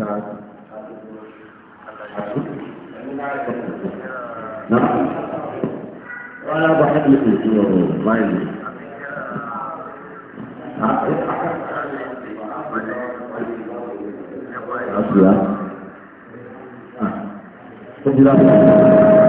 نعم ولا بحق لكم تنوروا ما يجب Ah, itu apa? Ah, penjelasan.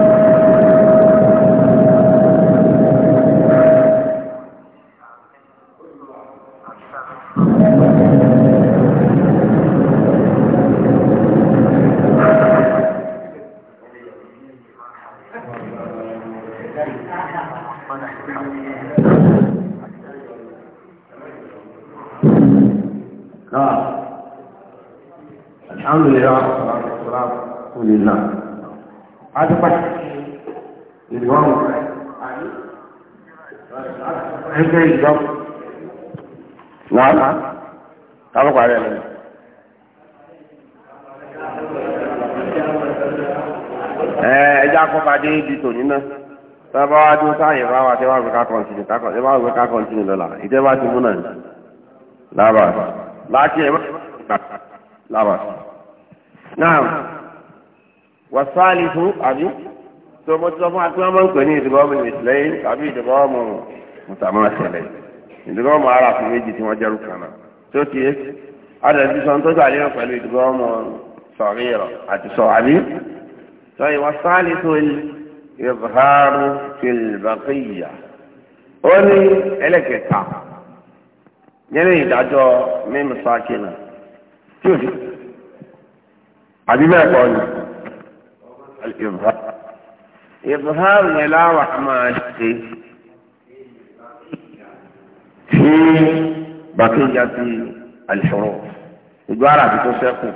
tábà wá dúró táyẹ̀ bá wà tẹ́wàá wíká kọ́ntínú tẹ́wàá wíká kọ́ntínú lọ́la ìtẹ́wàá ti múnà ní lábà láti ẹ̀ lábà. náà wàsáàlì fún àbí tó mo ti sọ fún wa pé wọ́n máa ń pè ní ìdìbọ́mù ìsìlẹ́yìn tàbí ìdìbọ́mù mùsàmọ́sẹ̀lẹ̀ ìdìbọ́mù ara fún méjì tí wọ́n jẹ́rù kan náà tó ti yé adàbí sọ tó gbà lérò pẹ̀lú ìdìbọ́mù sọ̀rí ìbáru fìlbàkìyà ó ní ẹlẹ́kẹta nínú ìdájọ́ mímu sákìnà tí ò sí àbí bẹ́ẹ̀ kọ́ ni ìbáru yẹn láwà máa ṣe sí bàkìyà ti àlìṣòro ìgbára àti tó sẹ́kù.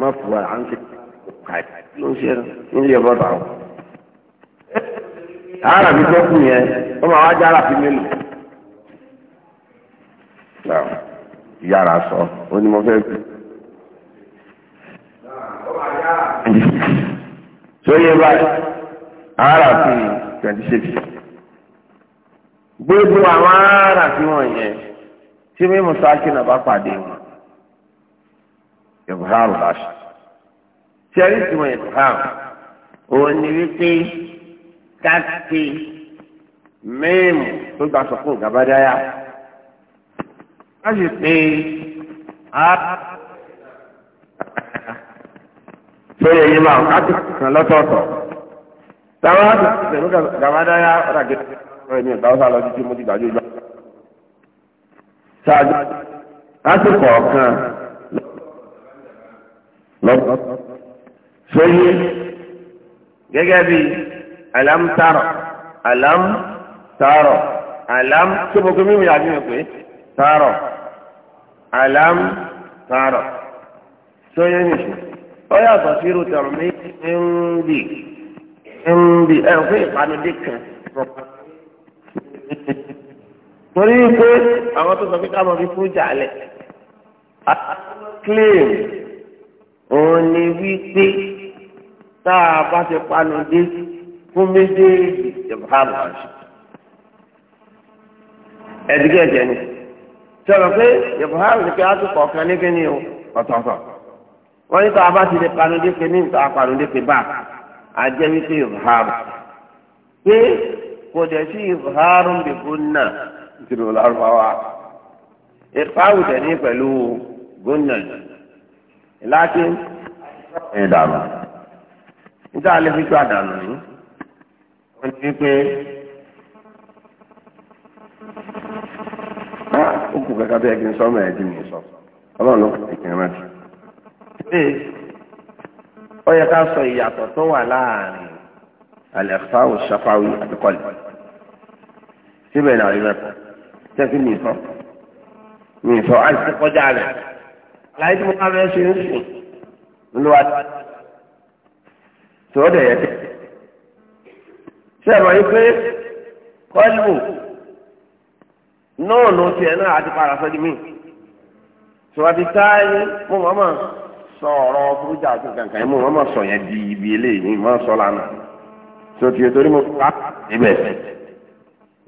ما هو عنك káì ló ń ṣe nílé ọgbọ́n tó àwọn. ara mi tó kù yẹn ó máa wá jára fi mélòó. yàrá sọ ó ní mo fẹ́ kú. sóyè báyìí ara fi twenty six. gbogbo àwọn ara fi yẹn tí sẹ́rí tí wọ́n yẹ fà òun ni wípé káàkiri mẹ́ẹ̀mù tó gba sọ̀kún gàbádáyà láti pé a sórí ẹyin máa káàkiri kan lọ́tọ̀ọ̀tọ̀ táwọn á ti pẹ̀lú gàbádáyà ọ̀dà gẹ̀ẹ́sì ọ̀rẹ́ mi ìgbà ọ̀sán lọ títí mo ti gbàjú ìgbà. ṣáájú lásìkò ọ̀kan lọ́tọ̀ọ̀tọ̀ sóyè gẹ́gẹ́ bí alamtaro alamtaro alam tó bọ̀ pé mímu yà bí mi pé taro alamtaro sóyè nìṣó ó yàtọ̀ sí irú tẹ̀rù mi ń bì ń bì ẹ̀ ń fún kan torí pé àwọn tó sọ pé ká mọ̀ fi fún jà lẹ̀ claim òun ni wípé tá a bá ti panu dé fún méjèèjì ìbámu àṣù ẹ̀dígẹ́ ẹ̀jẹ̀ ni sọ̀rọ̀ pé ìbámu ni pé a tún kọ̀ọ̀kan ní kíni o ọ̀tọ̀ọ̀tọ̀ wọ́n ní tá a bá ti lè panu dé pé ní ìta panu dé pé bá a jẹ́ wípé ìbámu pé kò dẹ̀ sí ìbámu bìbú náà ìtìrò lárúbáwá ìpáwù tẹ̀ pẹ̀lú gómìnà láti ìdààmú níta alẹ́ fi tó àdánù ní wọ́n ti pé ó kù kẹ́kẹ́ tó yẹ kí n sọ ọmọ ẹ̀ dì mí sọ ọlọ́run ló kàn kí n rántí. ṣé ó yẹ ká sọ ìyàtọ̀ tó wà láàrin àlẹ́fà òṣàfáwí àti kọ́lì síbẹ̀ náà rí mẹ́kọ̀ọ́ tẹ́sí mi sọ mi sọ àìsí kọjá rẹ̀ láì mo bá fẹ́ ṣe ń sìn ń lọ́wọ́ tí ó dẹ̀yẹ tẹ̀. ṣé ẹ̀rọ yìí pé kọ́lùmù náà ló tiẹ̀ náà àti para sọ́dí mi. sọ̀rọ̀ ti táyé mo máa ma sọ ọ̀rọ̀ burújà àti kankan yìí mo máa ma sọ yẹn di ibi eléyìí mo máa sọ lánàá. sọ tiẹ̀ torí mo pa ibẹ̀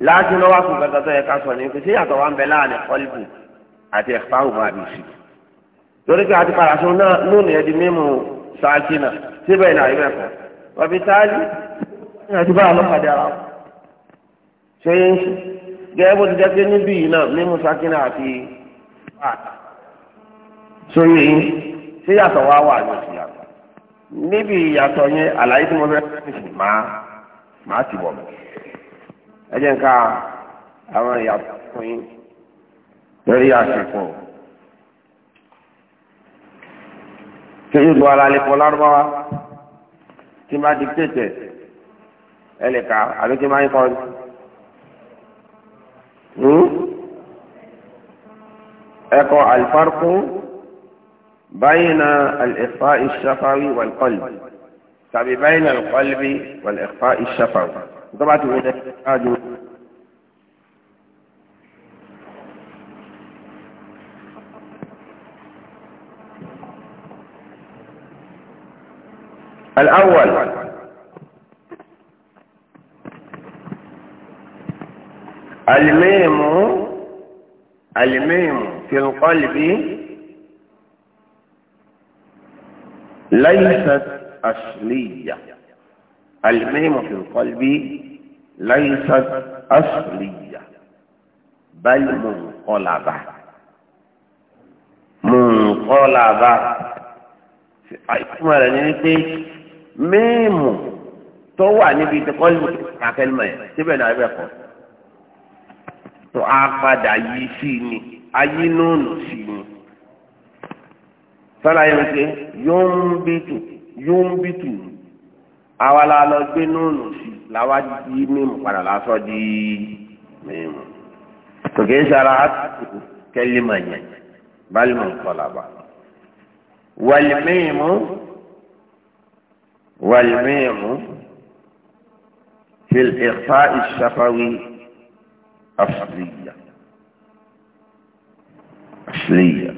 láti lọ́wọ́ àkùnkàn tó yẹ ká sọ ní pé ṣé yàtọ̀ wa ń bẹ láàrin kọ́lùmù àti ẹ̀fáwù máa bì sí. torí pé àti para sọ náà lónìí sakina síbẹ̀ na àyẹ̀wò ẹ̀kọ́ wàbí táàlì ní àti bá ọlọ́pàdé ara wọn ṣé yẹn ṣe gẹ́gẹ́ bó ti jẹ́ níbí yìí sakina àti yàtọ̀ wá wà ní ìyàtọ̀ yẹn àlàyé tí mo fẹ́ fẹ́ ti bọ̀ ẹ jẹ́ nǹkan àwọn ìyàtọ̀ fún kéyìn bu ara lè kọ lárúbáwá tí máa dikítẹ̀ ẹ lè kà àbí tí máa ń kọ́ ẹ kọ alifarikun báyìí na alẹ́fà ìṣàfáwí wàlúkọ́lì tàbí báyìí na alẹ́fà ìṣàfáwí nítorí bá ti wọ́n ẹ̀ ṣáájú. الأول الميم الميم في القلب ليست أصلية الميم في القلب ليست أصلية بل منقلبة منقلبة في أي مرة míìmù tó wà níbi ìtẹkọlù àkẹlùmọ yẹn síbẹ̀ náà ẹbẹ̀ kọ́ tó a padà yí sí ni ayé nóònù sí ni sọlá yẹn ṣe yóò ń bìtù yóò ń bìtù àwa la lọ gbé nóònù sí làwa di míìmù padà lásọ di míìmù tòkè ń sara kẹlímọ yẹn bálímù kọlà bá wàlímìímù. والميم في الإخفاء الشفوي أصلية أصلية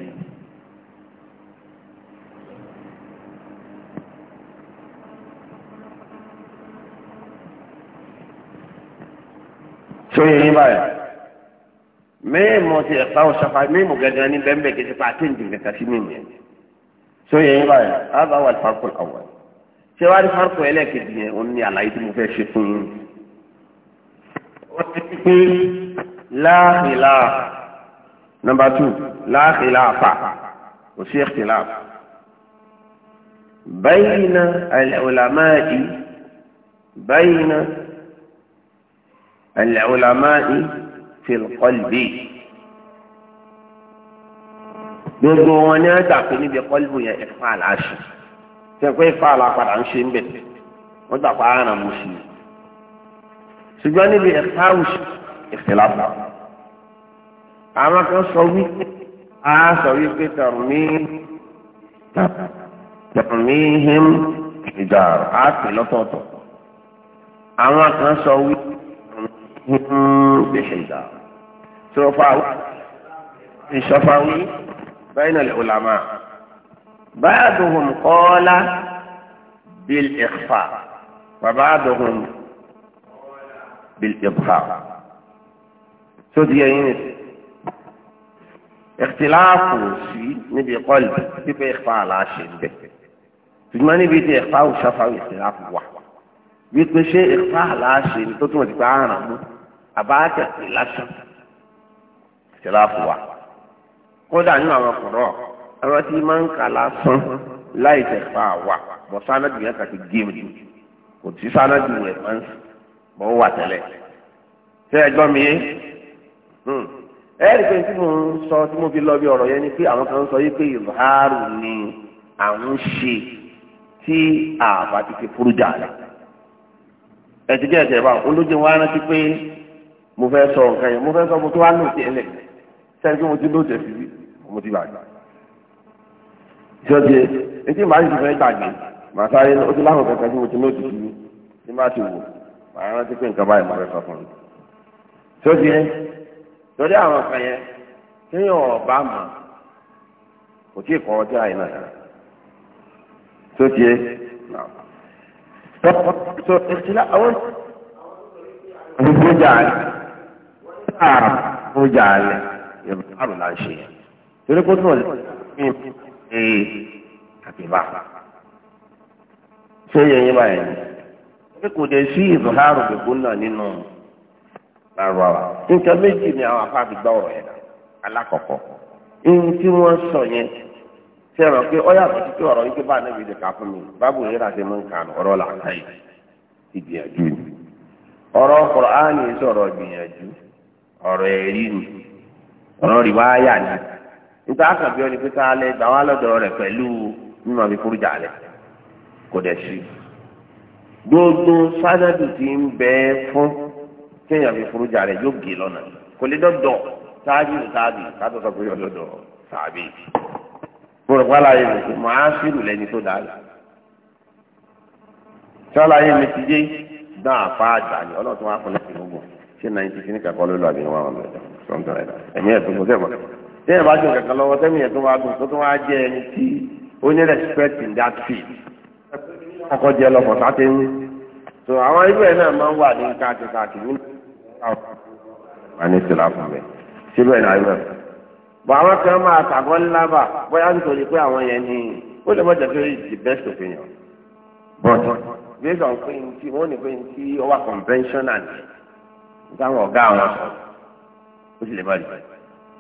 شو يعني بايا ميم في إخفاء الشفوي ميم قدراني بمبكي تفعتين دي نتاسي ميم يعني شو يعني بايا هذا هو الفرق الأول tẹwárí fárúkọ ẹlẹ́ẹ̀kejì yẹn òun ni àlàyé tí mo fẹ́ ṣe fún yín. wọ́n ti ti pé láàhìlá nọmba tù láàhìlá àfà kò sí ẹ̀kìlá àfà. bayna al-ulama'i bayna al-ulama'i fil qalbi gbogbo wọn ni wọn dàpọ̀ níbi qalbu yẹn ẹ̀fọ́ àlàáṣì tẹ̀pẹ́ ìfàlà padà ń ṣe ń bẹ̀ wọ́n gbà pa ara mu sí i ṣùgbọ́n níbi ẹ̀fáwùsì ìfìlàfà àwọn kan sọ wípé a sọ wípé tàmí tàmí him ìjà á pè lọ́tọ̀ọ̀tọ̀ àwọn kan sọ wípé tàmí him ìjà sọfà ìṣọfà wí bẹ́ẹ̀ ni ọ̀làmà. بعضهم قال بالإخفاء وبعضهم بالإظهار شو ينس اختلاف شيء نبي قلب تبقى إخفاء على شيء ثم نبي إخفاء وشفاء اختلاف واحد بيطلع شيء إخفاء على شيء تطلع تبعانا أباك اختلاف اختلاف قل قد عنا وقرأ àwọn tí máa ń kà lásán láì tẹ̀fà wà bọ̀ sánádù yẹn kàti géèmù kò sí sánádù yẹn máa ń bọ̀ wà tẹ́lẹ̀ ṣé ẹ gbọ́ mi yé hmm. ẹ rí pé tí mo ń sọ tí mo fi lọ bí ọ̀rọ̀ yẹn ni pé àwọn kan sọ yìí pé ìbáàrù ni àwọn ṣe tí àbá ti fi fúrújà rẹ̀ ẹ ti jẹ́ ẹ̀jẹ̀ olójú wa rántí pé mo fẹ́ sọ nǹkan yẹn mo fẹ́ sọ mo tó wá lóòótọ́ ẹ̀ sẹ́ni pé mo ti lóòótọ́ ẹ̀ fi mo ti bàjẹ́ jọjẹ etí màá sì fẹ́ gbàgbé màá sáré ó ti láwọn kankan tí mo ti ní òtútù mi tí má ti wò màá rántí pé nǹkan báyìí mo fẹ́ sọ fún mi. jọjẹ torí àwọn kan yẹn téèyàn ọba mọ̀ kò tí ì kọ́ ọjọ́ àyìnà yàrá jọjẹ tọ́ ìtìlá àwọn gbogbo jàlẹ̀ ààrùn gbogbo jàlẹ̀ yorùbá àrùn là ń ṣe torí kó tún ọ̀lẹ́ ee kàtìbà ṣé yẹn yín báyìí ní kò dé sí ìzòhárò gbogbo náà nínú lárúbáwá nǹkan méjì ni àwọn afáàbí gbọ́ ọ̀rọ̀ yẹn alákọ̀ọ́kọ́ ihun tí wọ́n sọ yẹn ṣe rọ pé ọyà àti títí ọ̀rọ̀ yìí tó bá níbi ìdìkà fún mi mú nǹkan ọ̀rọ̀ yìí ìgbìyànjú ni ọ̀rọ̀ sọ̀rọ̀ níta àkàbí ọ ni pé ká lẹ gbà wá lọ́dọ̀ rẹ̀ pẹ̀lú mímọ̀ mi fúrújà rẹ̀ kò dẹ̀ sí gbogbo sádàdù ti ń bẹ fún kéèyàn fi fúrújà rẹ̀ yóò gé lọ́nà kò lè dọ́dọ̀ sáájú sáájú kátó sọ pé ọdọdọ sàbí máa sírù tó dáa la mi ti dé dán àjà ni ọlọ́run tó wá fún lẹ́sìn gbogbo ṣé náà ń ti fi ní kakọ́ tí ẹ bá jẹ kankan lọ́wọ́ tẹmí ẹ tó wá gùn tó tó wá jẹ ẹni tí ó ní respect in that field kọ́kọ́ jẹ lọkọ sáté ń so àwọn ibẹ náà máa ń wà ní káàkiri káàkiri nínú wà ní ìsìlá fún mi síbẹ̀ náà ibẹ̀ bọ̀ àwọn kan máa tàgọ́ ńlá bà bóyá nítorí pé àwọn yẹn ní ó lè mọ̀ jẹ́ pé the best opinion but based on pé ntí wọ́n ní pé ntí ó wà conventional ní táwọn ọ̀gá àwọn sọ̀rọ̀ ó sì lè má rí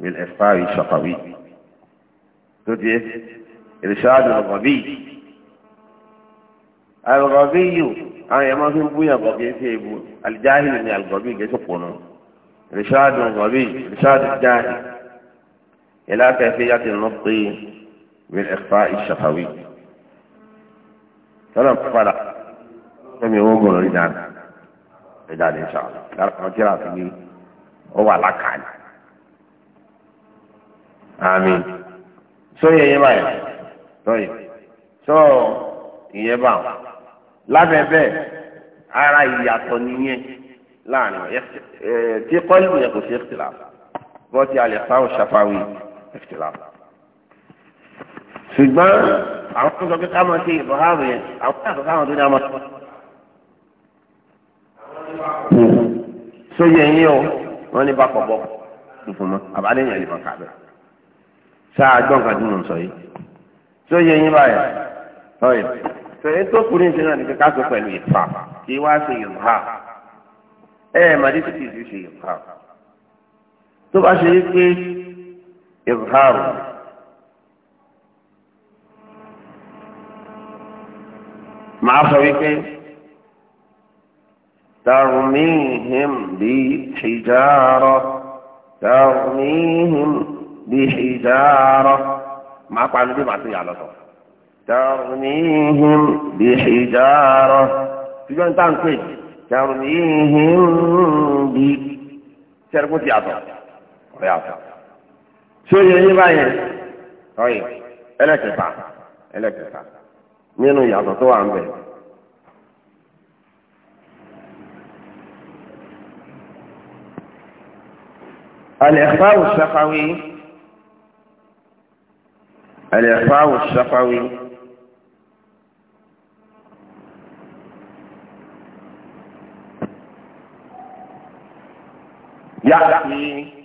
بالإخفاء الشفوي تجي إرشاد الغبي الغبي أنا يا ما في بويا غبي في بو الجاهل من الغبي كيف يكون إرشاد الغبي إرشاد الجاهل إلى كيفية النطق بالإخفاء الشفوي فلم فرق كم يوم رجال رجال إن شاء الله لا رقم كرافي هو على كعلي àmín sóyè yẹn báyìí sóyè sọ ìyẹn bá wọn lábẹ́ bẹ́ẹ̀ ara ìyàtọ̀ nìyẹn láàrin ẹ tí kọ́lù yẹn kò sí ẹ̀kìtìlá bọ́tí alẹ́ fáwọn ṣàfáwì ẹ̀kìtìlá ṣùgbọ́n àwọn tó sọ pé ká máa ṣe ìbọ̀háàbò yẹn àwọn yàtọ̀ sáwọn tó ní àmọ́. sóyè yín o wọ́n ní bá pọ̀ bọ́ tuntun mọ́ àbálẹ̀ yẹn lè fọ́n kábẹ́. sáà gbọ́ tí mò ń sọ yìí tí yẹ yín báyìí ọ̀yẹ̀ tòun tó kù ní ìṣe náà ní kíkà sọ pẹ̀lú ìfà kí wá ṣe ìhà ẹ ẹ̀ màdí títí ti ṣe ìhà tó bá ṣe ìhà màá بحجارة ما قالوا دي ما على طول ترميهم بحجارة في جون تان كويس ترميهم ب سرقوا تياتو تياتو شو يعني باين طيب ألا تفعل ألا تفعل منو يعطى تو عم بيه الإخفاء الشفوي الإعفاء الشفوي يأتي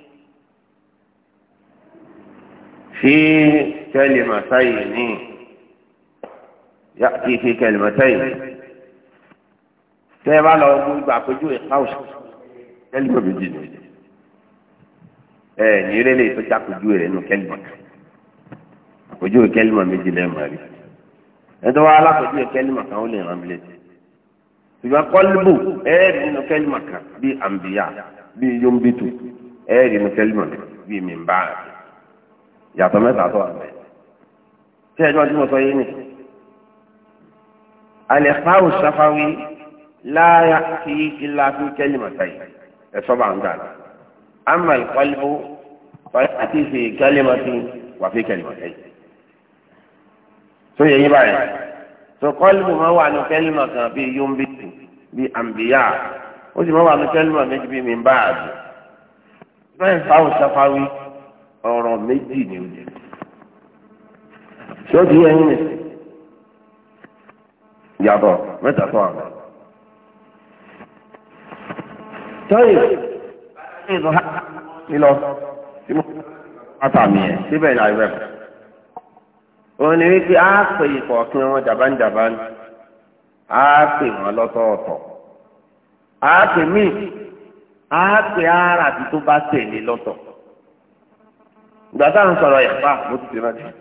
في كلمتين يأتي في كلمتين سيبقى لو يقول بعقجو إخاوش كلمة بجنة ẹ̀ ní rẹ́lẹ̀ tó jákòjú rẹ̀ nù ojú kẹlímà méjì lẹ́ẹ̀mà rí ẹ̀dọ́ wa alákọ̀ọ́jú kẹlímà kan ó lè ràn mí létí ṣùgbọ́n kọ́líbù ẹ̀ẹ́dì nínú kẹlímà kan bí àǹbíyà bí yombitu ẹ̀ẹ́dì nínú kẹlímà bí mìmbà yàtọ̀ mẹ́ta tó wà bẹ́ẹ̀ tí ẹ̀dọ́ tí mo sọ yé ni alẹ́ fáwọn sáfáwí láyà kí ilá fún kẹlímà táyì ẹ̀sọ́ bá ń dà ama ìkọ́líbù fàyà àti ìfì kẹlímà tí wà fi kẹlímà táyì tó yẹ yín báyìí tó kọ́límù máa wà ní kẹ́límà kan bíi yombitu bíi àmbíyá ó sì máa wà ní kẹ́límà méjì bíi mìmbáàdì bẹ́ẹ̀ fáwọn sáfáwí ọ̀rọ̀ méjì ni ó jẹ sọ́ọ́dì yẹn ní yàtọ̀ mẹ́ta tó àwọn. tọ́yì ní lọ sí mọ́ àtàmì ẹ̀ síbẹ̀ ní àyẹ̀wò. wọn ni wípé á pè ìkọ̀ọ̀kan wọn jàbánjàbán á pè wọn lọ́tọ̀ọ̀tọ̀ a pè míì á pè ara àti tó bá lọ́tọ̀ ìgbà tá à ń sọ̀rọ̀ yàrá mo ti tẹ̀lé ọ̀tọ̀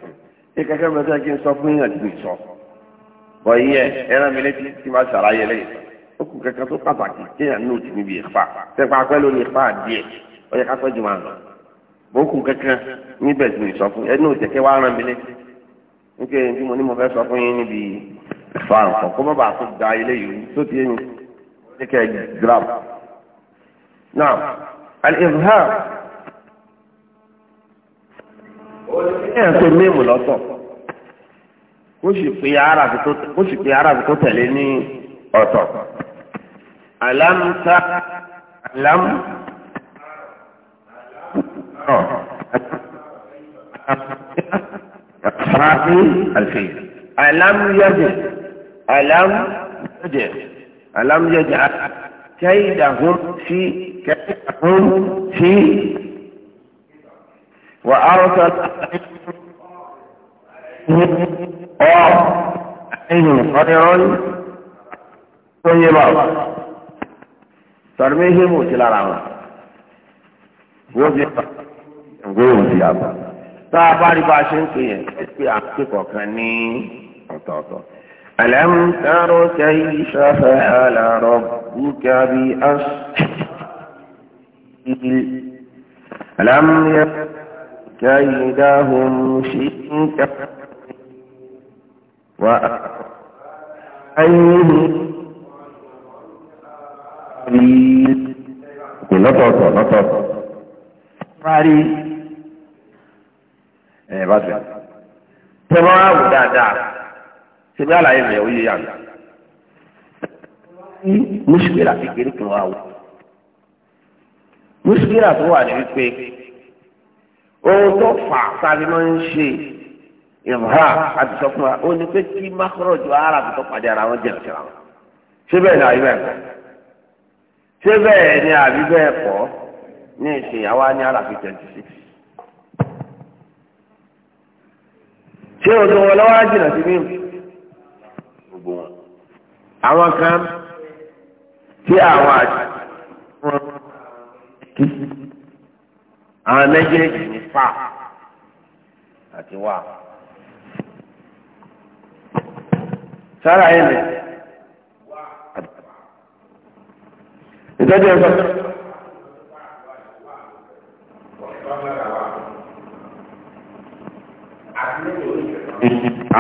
ní kẹ́kẹ́ mi sọ fún yàn bọ̀ ẹran mi létí tí lẹ́yìn tó pàtàkì ní òtún níbi ìfà tẹ́pá pẹ́ ìfà díẹ̀ ó yẹ ká pẹ́ jù máa lọ nítorí ẹni tí mo ní mo fẹ́ sọ fún yín níbi ìfà nǹkan kó má bàa tó da ilé yìí tó ti yẹn ní kẹ́ grab. now al-izhar ẹ̀ ń pe mímu lọ́tọ̀ ó sì pe arábì tó tẹ̀lé ní ọ̀tọ̀ alámúta alámú ọ̀rọ̀ اقصاء الفيل ألم يجد ألم يجد ألم يجعل كيدهم في كيدهم في وأرسل عليهم خير طيبا ترميهم وتلا رعوا وزيقا وزيقا tá a bá rí bá a ṣe ń pè yẹn pé à ń pè kọ̀ọ̀kan ní ọ̀tọ̀ọ̀tọ̀. ألم تر كيف فعل ربك بأصحاب ألم كيدهم شئت وأعينهم lọ́tọ̀ọ̀tọ̀ lọ́tọ̀ọ̀tọ̀. Rárí ẹ̀ bá tẹ̀. tẹ́wọ́n á wò dáadáa ṣe bí àlàyé rẹ̀ ó yé yàrá. mùsùlùmí kékeré kan wà wò. mùsùlùmí tó wà ní wípé ohun tó fà sáré máa ń ṣe ìhà àti sọfún wa ó ní pé kí mákòròjù ara àti tó pàdé ara wọn jẹ ìṣẹ̀lẹ̀ àwọn. ṣé bẹ́ẹ̀ ni àyè bẹ́ẹ̀ kọ́ ṣé bẹ́ẹ̀ ni àbí bẹ́ẹ̀ kọ́ ní ìsìn àwa ní ara fi twenty six. ṣé o tó wọn lọ́wọ́ á jìnnà sí mímu gbogbo wọn àwọn kan tí àwọn àti wọn kí àwọn méjèèjì ní fà àti wà sára yẹn ìtọ́jú ẹ̀fọ́.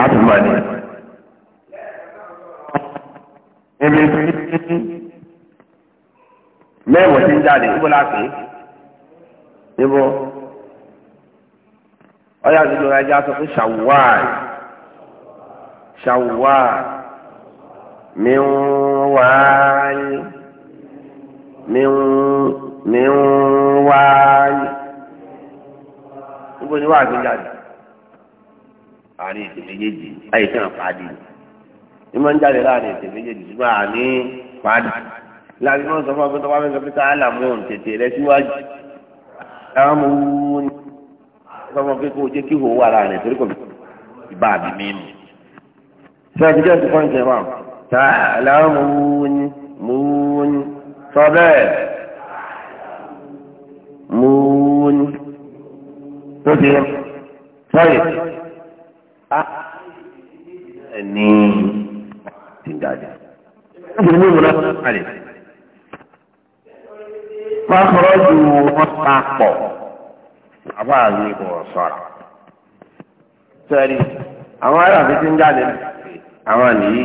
àtùmọ̀ni. Ibi tí ti ń jáde ibo la pè é. Ibo ọyá àdúgbò ẹja sọ fún ṣàwùwáì ṣàwùwáì mi ń wáyé mi ń mi ń wáyé. Ibo ni wàá gbé jáde àárín ètò méjèèjì láyé tí wọn pàdé ní máa ń jáde láàrin ètò méjèèjì ṣùgbọ́n àní pàdé láti máa ń sọ fún abẹ́tọ́ wá mẹ́sàn-án pété àlàmú tètè rẹ síwájú àwọn ọmọ wúwo ni wọ́n mọ̀ pé kó o jẹ́ kí ìhòòhò wà láàrin torí kò ìbá àbí mímu. sọ jẹ́ ìsìnkú ọ̀njẹ́ wa ta àlàmú wúwo ni mo sọ bẹ́ẹ̀ mo wúwo tó ti sọ Ah. ní tìǹdàdì. Níbi ní ìmúná àlè. Fáfọ́rọ́ ju wọn pa pọ̀. Àbá mi kò Sẹ́ẹ̀rì, àwọn ará àti tìǹdàdì àwọn nìyí.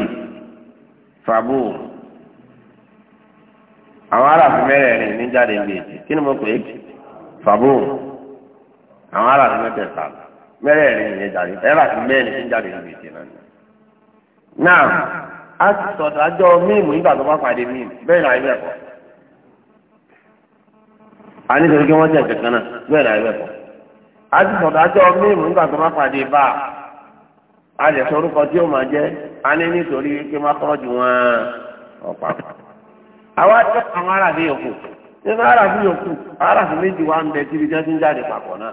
Fàbù. Àwọn ará àti mẹ́rẹ̀ẹ̀rin ní jáde Kí ni mo pè é? Fàbù. Àwọn ará mẹ́tẹ̀ẹ̀ta lọ. mẹ́rẹ̀ẹ̀rin yẹn jáde ẹ̀rọ àti mẹ́rin ti ń jáde níbi ìṣe náà. náà a ti sọ̀tọ̀ àjọ míìmù nígbà tó bá pàdé míìmù bẹ́ẹ̀ náà ibẹ̀ kọ́. a ní sọ pé wọ́n a sọ̀tọ̀ nígbà tó bá pàdé bá a lè sọ orúkọ tí máa jẹ́ a ní nítorí pé má kọ́ ju wọn ọ̀pá. àwa jẹ́ àwọn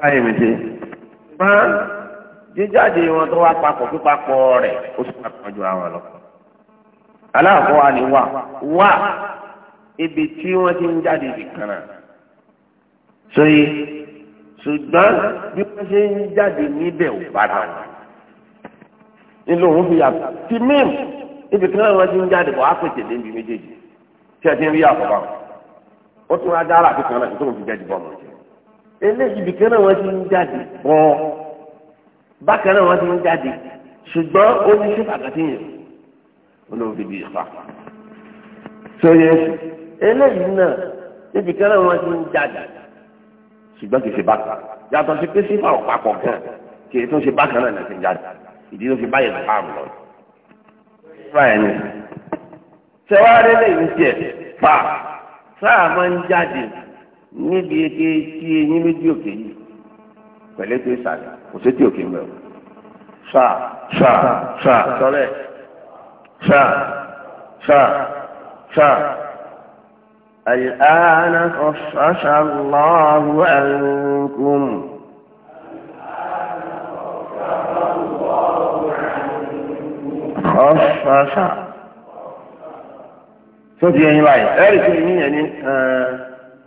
káyé mi ṣe máa jíjáde wọn tó wá papọ̀ pípapọ̀ rẹ̀ ó sì papọ̀ ju àwọn lọ. aláàfọ wa ni wà wà ibi tí wọ́n ti ń jáde nìkan náà. sọyí ṣùgbọ́n bí wọ́n ṣe ń jáde níbẹ̀ ò bára wọn. nílò òun fi yàtọ̀ ti mímu ibi kan náà wọ́n ti ń jáde bọ̀ á pèsè débi méjèèjì tí a ti ń rí àkọ́bá wọn. ó tún wá dára àti kan náà tó ń fi jáde bọ́ ọmọ jẹ eléyìí ibìkan náà wọ́n ti ń jáde wọ́n bákan náà wọ́n ti ń jáde ṣùgbọ́n ó ní ṣé pàtàkì yẹn olóhùn bíbí ìfà sóyè eléyìí náà ibìkan náà wọ́n ti ń jáde ṣùgbọ́n kì í ṣe bákan yàtọ̀ sí pé sífà ọ̀pápọ̀ kan kì í tún ṣe bákan náà ti ń jáde ìdí tó fi báyìí lọ́pàá àmì lọ. ṣé wàá rí eléyìí ń tiẹ̀ fà sáà máa ń jáde níbi eke tí eyín méjì òkè yìí pẹ̀lú ètò ìsàlẹ̀ kò sí tí òkè mẹ́wọ̀ ṣá ṣá ṣá sọlẹ̀ ṣá ṣá ṣá. الآن خصص الله عنكم خصص شوف يا جماعة أعرف مين يعني آه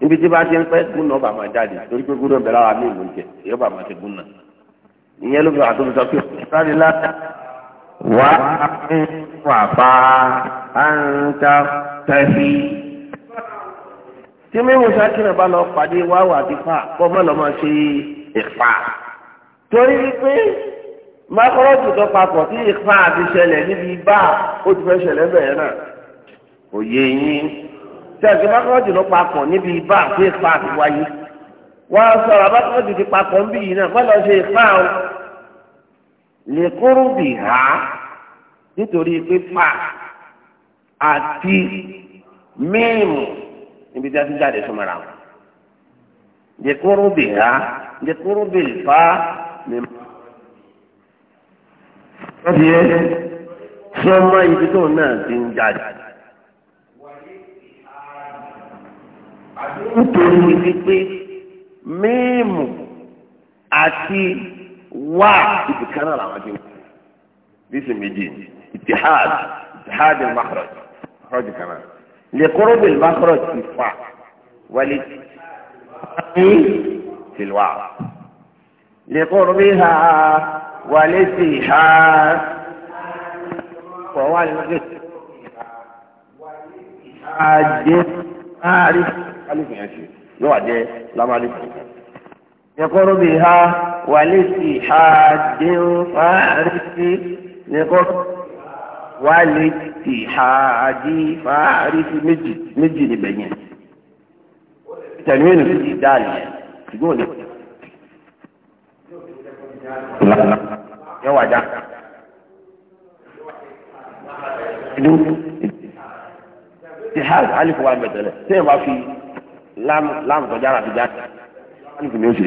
níbi tí bá ti ń pẹ́ gún náà bàmà jáde torí pé gún náà bẹ̀rẹ̀ àwọn àmì ìlú jẹ yóò bàmà ti gún náà ìyẹn ló fi wà tó fi sọ pé sáré láti wá ń wà bá a ń ta tẹ̀sí. tí mímú sákìrì bá lọ pàdé wá wà fà kọ́ mọ́ lọ́ ṣe ìfà torí pé mákọ́rọ́jù tó papọ̀ tí ìfà ti ṣẹlẹ̀ níbi bá ó ti fẹ́ ṣẹlẹ̀ bẹ̀rẹ̀ náà òye yín. tẹ̀sí bákọ́jì ló papọ̀ níbi ibà àti ìfà àti wọ́n á sọ̀rọ̀ ti papọ̀ ń bí yìí náà ṣe o lè kúrú bì há nítorí pípa àti mímu níbi tí a ti jáde súnmọ́ra wọn lè kúrú bì há lè kúrú bì fá lè wọ́n ti yẹ sọ́mọ́ nítorí wípé mímu àti wá ibìkan náà làwọn ti wá bísí méjì ìtìhad ìtìhad al-makhraj makhraj kan náà lẹ́kọ́rọ́ bẹ̀rẹ̀ makhraj ti fa wálé ní tìlúwà lẹ́kọ́rọ́ bẹ̀rẹ̀ ha wálé ti ha kọ̀ wálé ti ha jẹ́ àárín. بقربها ولاتحاد فارسي لقرب ولاتحاد فارسي مجد مجد بين تنوين في داليا تقول لا لا يا وجع اتحاد الف واحد مثلا سين في láàmù láàmù tọ́jà àràbí jáde alif ni ó ṣe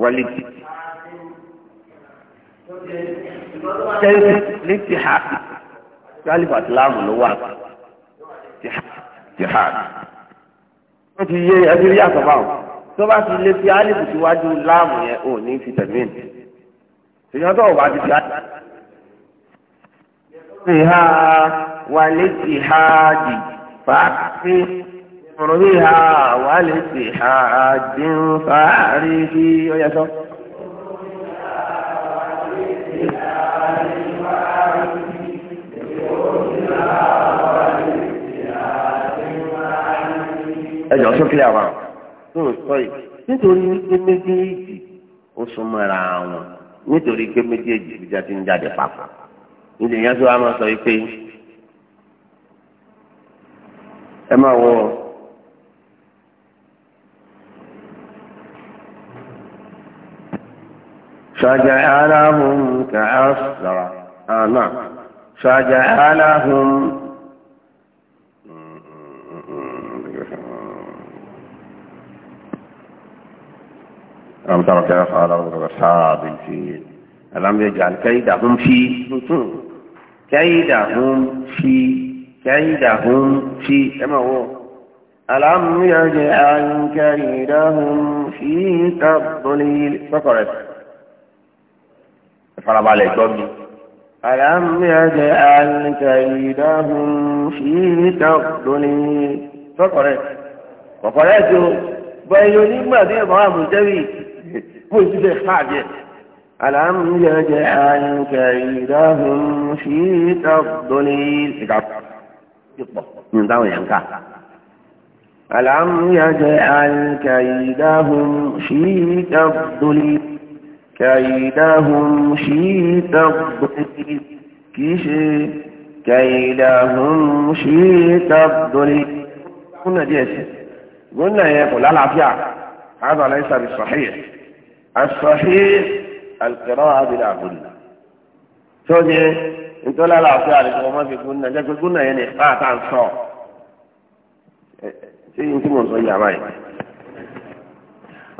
wọlé tí. tẹ́ǹtì ní tìhà alif àti láàmù ló wà tìhà. wọ́n ti yé ẹbí rí àtọ̀bá o tó bá ti lé fi alif síwájú láàmù yẹn ò ní fi tẹ̀mí. ṣèyàn tó o bá ti fi alif. tìhà wàlé tìhà dì fàáfin. ríha wà lè sì ha àdín fàárí sọ. ẹjọ àwọn tó ń sọ yìí nítorí wípé méjèèjì ó súnmọ́ra wọn nítorí pé méjèèjì ìjà ti ń jáde papọ̀ yẹn tó máa sọ yìí pé ẹ máa wọ. فجعلهم كعصر آه نعم. فجعلهم ألم ترى كيف قال أصحاب الفيل ألم يجعل كيدهم في كيدهم في كيدهم في كما هو ألم يجعل كيدهم في تضليل فقرأت ìfarabalẹ̀ gbọ́ mi. alam yaj'al kaydahum fi taqdiri. sọ́kọ̀rẹ́ kọ̀kọ̀rẹ́ tó bẹ́ẹ̀ yóò nígbà tí ẹ̀kọ́ àbùjẹ́rì kó o ti fẹ́ káàdì ẹ̀. alam yaj'al kaydahum fi taqdiri. ìkà pípọ̀ ní táwọn yẹn ń kà. alam yaj'al kaydahum fi taqdiri. كيدهم شيتا كيشي كيدهم شيتا قلنا دي قلنا يقول لا العافية هذا ليس بالصحيح الصحيح القراءة بلا قلنا تودي انت لا العافية لك ما في قلنا جاك قلنا يعني قاطع الصوت tí n tí mo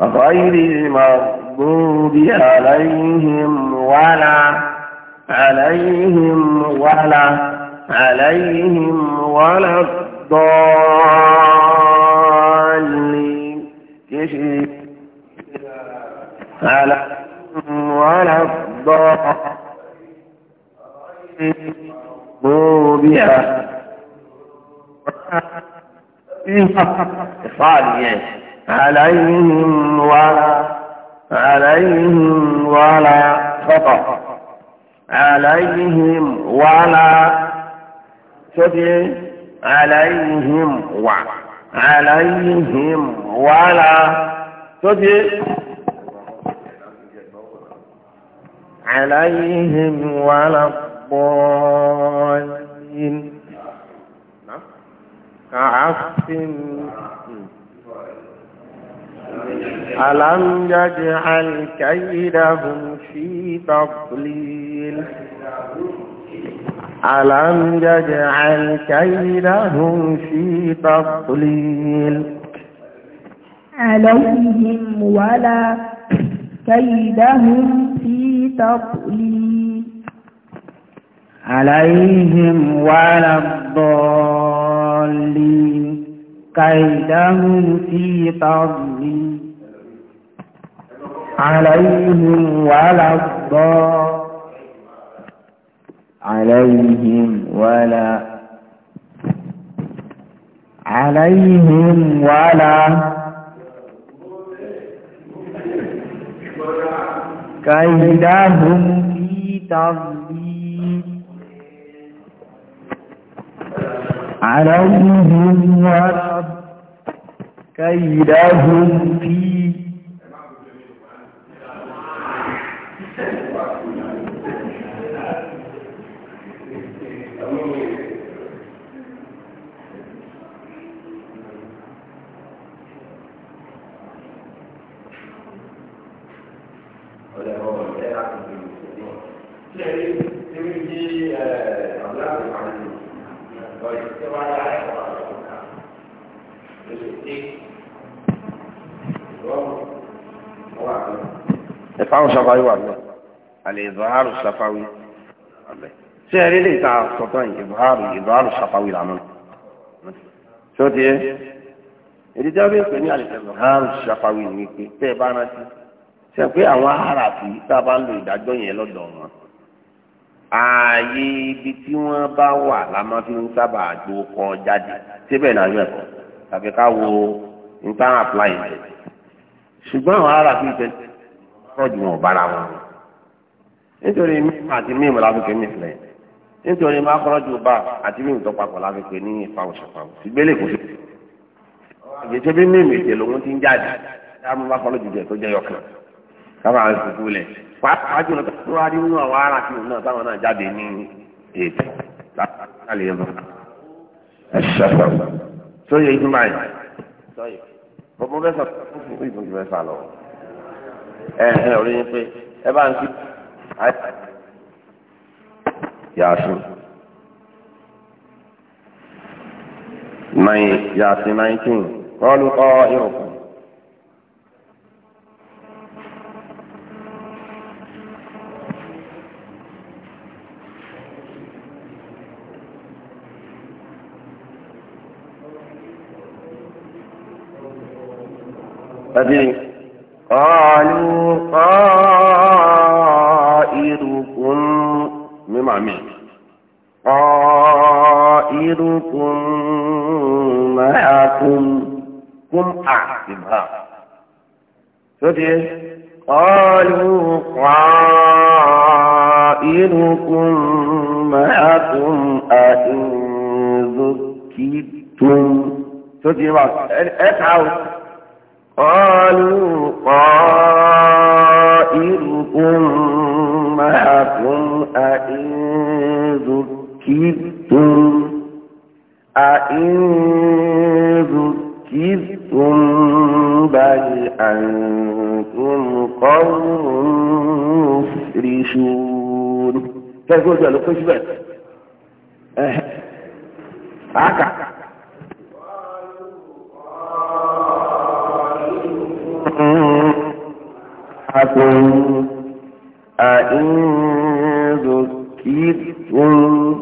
غير المغضوب عليهم ولا عليهم ولا عليهم ولا الضالين عليهم ولا الضالين بها صالح عليهم ولا عليهم ولا خطأ عليهم ولا تدري عليهم ولا عليهم ولا تدري عليهم ولا الضالين نعم. كعصف ألم يجعل كيدهم في تضليل ألم يجعل كيدهم في تضليل عليهم ولا كيدهم في تضليل عليهم ولا الضالين كيدهم في تضليل عليهم ولا عليهم ولا عليهم ولا كيدهم في تضليل عليهم ولا كيدهم في Eh, tẹ̀lé ìfáwọn wà lọ àlè ṣé ẹ rí lè ta lànà ti yẹ èdè tí pè ní àlè pé ẹ bá rántí ṣe pé àwọn aráàfin tá a bá ń lo yẹn wọn. ààyè ibi tí wọ́n bá wà la máa fi ń sábà gbó kọ jáde síbẹ̀ náà yẹ kọ́ tàbí ká wo nǹkan apply rẹ̀ ṣùgbọ́n àwọn ará fi ìfẹ́ rọ́ọ̀dù wọn bára wọn nítorí mímọ àti mímọ lábùkẹ́ mìfìlẹ̀ nítorí mákọ́rọ́jù bá àti mímọ tó papọ̀ lábùkẹ́ ní ìfàwọ̀sọ̀fàwọ̀ ìgbélé kò sí. ìgbésẹ̀ bí mímọ ètè lòun ti ń jáde dáàmú mákọ́rọ́jù jẹ tó jẹ́ yọkàn káfà ń sùkúlẹ̀. pàápàá jùlọ tó wá nínú àwọn ará tí òun náà báwọn náà jáde ní ètò láti lè mọ ẹṣẹfẹ tó yẹ ìdí máa yẹ bọbọ bẹ sọ fún ìbò ìbò ẹfà lọ ẹ ẹ orí yín pé ẹ bá ń kí yàtú yasin nineteen kọlu kọ أبي قالوا قائركم مما مين قائركم معكم كم أعتبها فتح قالوا قائركم معكم أئن ذكرتم فتح أتعود معكم أئن ذكرتم أئن ذكرتم بل أنتم قوم مفرشون كيف قلت له كيف بات عكا قالوا وإن ذكرتم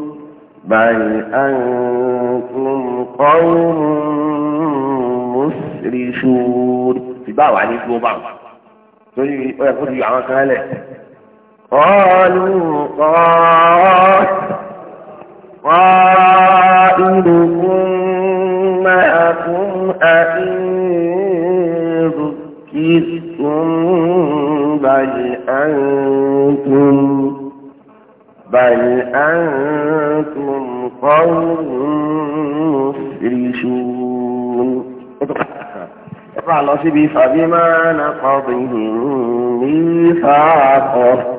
بل أنتم قوم مسرفون ìbáwò àní tí ó bá wù torí ó yẹ kó ti yọ ye ko ti yo قالوا قائلكم معكم أئن بل أنتم بل أنتم قوم مسرشون اقرأ سبي فبما نقضهم ميثاقه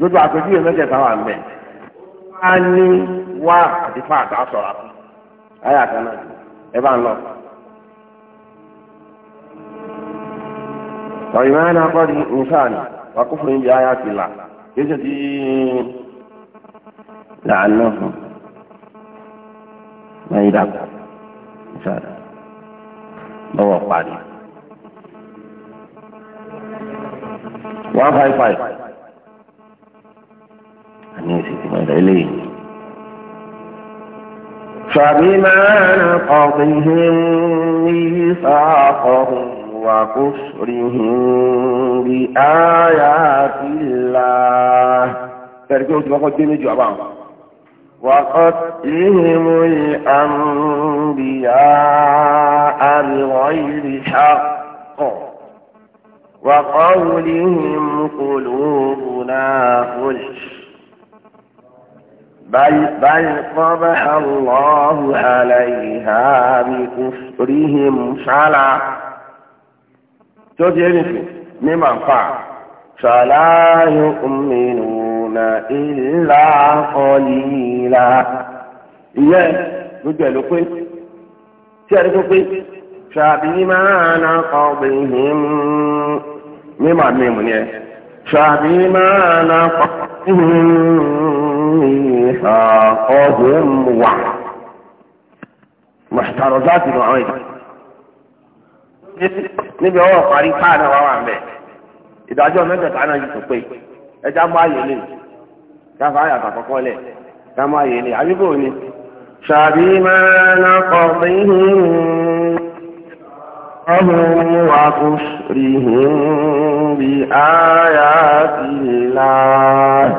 gbogbo àpèjúwe mẹ́tẹ̀ẹ̀ta wà ń bẹ wá ní wá àti fáàtà sọ̀rọ̀ àpò ayé àkànnà ẹ bá ń lọ. وإيمانا قد إنسان وكفر بآيات الله يجدي لعلهم ما يدعوا إنسان لو قاري وفاي فاي أني سيدي ما إليه فبما نقضهم ميثاقهم وكفرهم بآيات الله تركوا تبقوا الدين جوابا وقتلهم الأنبياء بغير حق وقولهم قلوبنا خلف بل بل قبح الله عليها بكفرهم فلا tí ó di anything ní màá fà fala yu'minuna illa qalila ìyẹn gbogbo ẹ̀ ló pé tí a rí tó pé fabima naqdihim ní màá mímu ni ẹ fabima naqdihim mithaqahum wà mọ̀ṣítàrọ̀ láti nù àwọn ìgbà níbi ọwọ́ parí káà náà wá wà ń bẹ̀ ìdájọ́ mẹ́tẹ̀ẹ̀ta náà yìí tó pé ẹja mú ààyè lè káfa àyà àtàkọ́kọ́ lẹ̀ ká mú ààyè lè àbíkò ni. ṣàbí máa ń kọ́ sí ọ̀hún wa kò rí hìn bí àyà sí láàyè.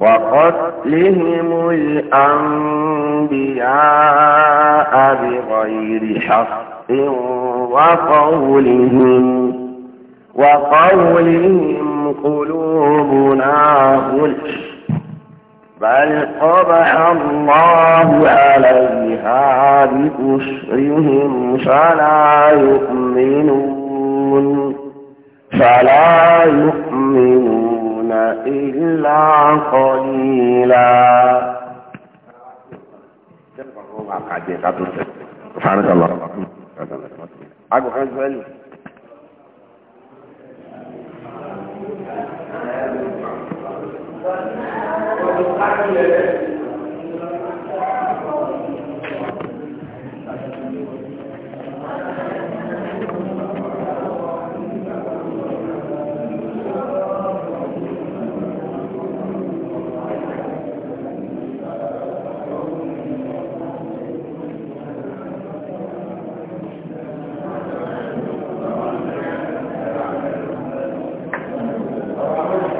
وقتلهم الأنبياء بغير حق وقولهم وقولهم قلوبنا غلف بل طبع الله عليها بكفرهم فلا يؤمنون فلا يؤمنون إلا قليلا سبحانك الله agbọ̀kan israẹli Thank you.